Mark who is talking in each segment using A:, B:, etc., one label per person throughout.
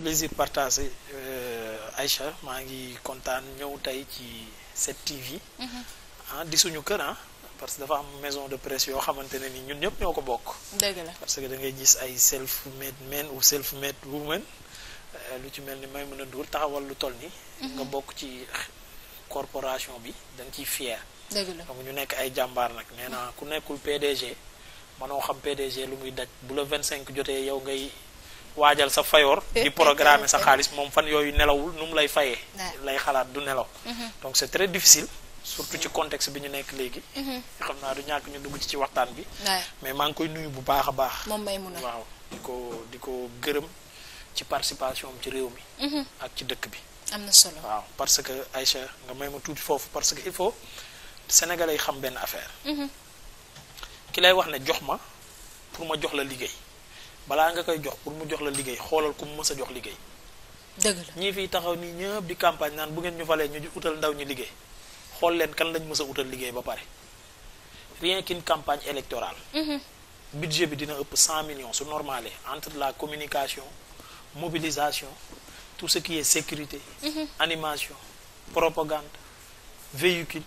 A: plaisir partagé euh, Aïcha maa ngi kontaan ñëw tey ci 7TV. Mhm. ah di suñu kër ah. parce que dafa am maison de presse yoo xamante ne ni ñun ñëpp ñoo ko bokk. dëgg parce que da ngay gis ay self made men ou self made women euh, lu ci mel ni may mën a nduur taxawal lu toll nii. Mhm. nga bokk ci corporation bi da nga ciy fier. ñu nekk ay jàmbaar nag nee naa ku nekkul PDG. manoo xam PDG lu muy daj bu la 25 jotee yow ngay. waajal sa fayoor di programmer sa xaalis moom fan yooyu nelawul nu mu lay fayee lay xalaat du nelaw mm-hmm. donc c'est très difficile surtout ci contexte bi ñu nekk léegi mm-hmm. xam naa du ñàkk ñu dugg ci ci waxtaan bi mais maa ngi koy nuyu bu baax a baax may mun a waaw di ko di ko gërëm ci participation ci réew mi mm-hmm. ak ci dëkk bi am na solo waaw parce que Aïcha nga may ma tuuti foofu parce que il faut sénégalais yi xam benn affaire ki lay wax ne jox ma pour ma jox la liggéey balaa nga koy jox pour mu jox la liggéey xoolal ku mu mës a jox liggéey. ñii fiy taxaw nii ñëpp di campagne naan bu ngeen ñu falee ñu utal ndaw ñi liggéey xool leen kan lañ mës a utal liggéey ba pare rien qu'une campagne électorale. Mm-hmm. budget bi dina ëpp 100 million su normalé entre la communication mobilisation tout ce qui est sécurité. Mm-hmm. animation propagande véhicule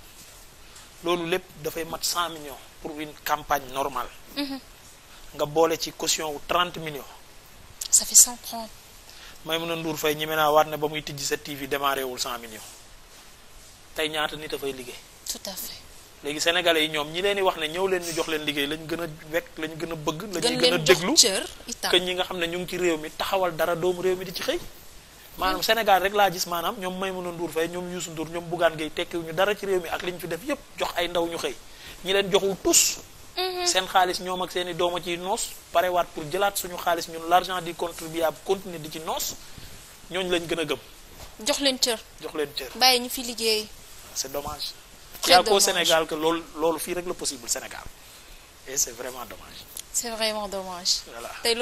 A: loolu lépp dafay mat 100 millions pour une campagne normale. Mm-hmm. nga boole ci caution wu 30 millions. ça fait 130. Maïmouna Ndour Faye ñi mën naa waat ne ba muy tijji sa TV démarré wul 100 millions tey ñaata nit a fay liggéey. tout à léegi sénégalais yi ñoom ñi leen di wax ne ñëw leen ñu jox leen liggéey lañ gën a wekk lañ gën a bëgg. lañuy gën a déglu que ñi nga xam ne ñu ngi ci réew mi taxawal dara doomu réew mi di ci xëy. maanaam mm. senegal rek laa gis maanaam ñoom may Maïmouna Ndour Faye ñoom Youssou Ndour ñoom Bougane Gueye tekkiwuñu dara ci réew mi ak li ñu fi def yépp jox ay ndaw ñu xëy ñi leen joxul tous seen xaalis ñoom ak seen i dooma ciy noos parewaat pour jëlaat suñu xaalis ñun l'argent du contribuable continuer di ci noos ñooñu lañ gën a gëm jox leen cër jox leen cër bàyyi ñu fi liggéey c'est domage très dommage y Sénégal que loolu loolu fii rek la possible Sénégal et c'est vraiment dommage c'est vraiment dommage voilà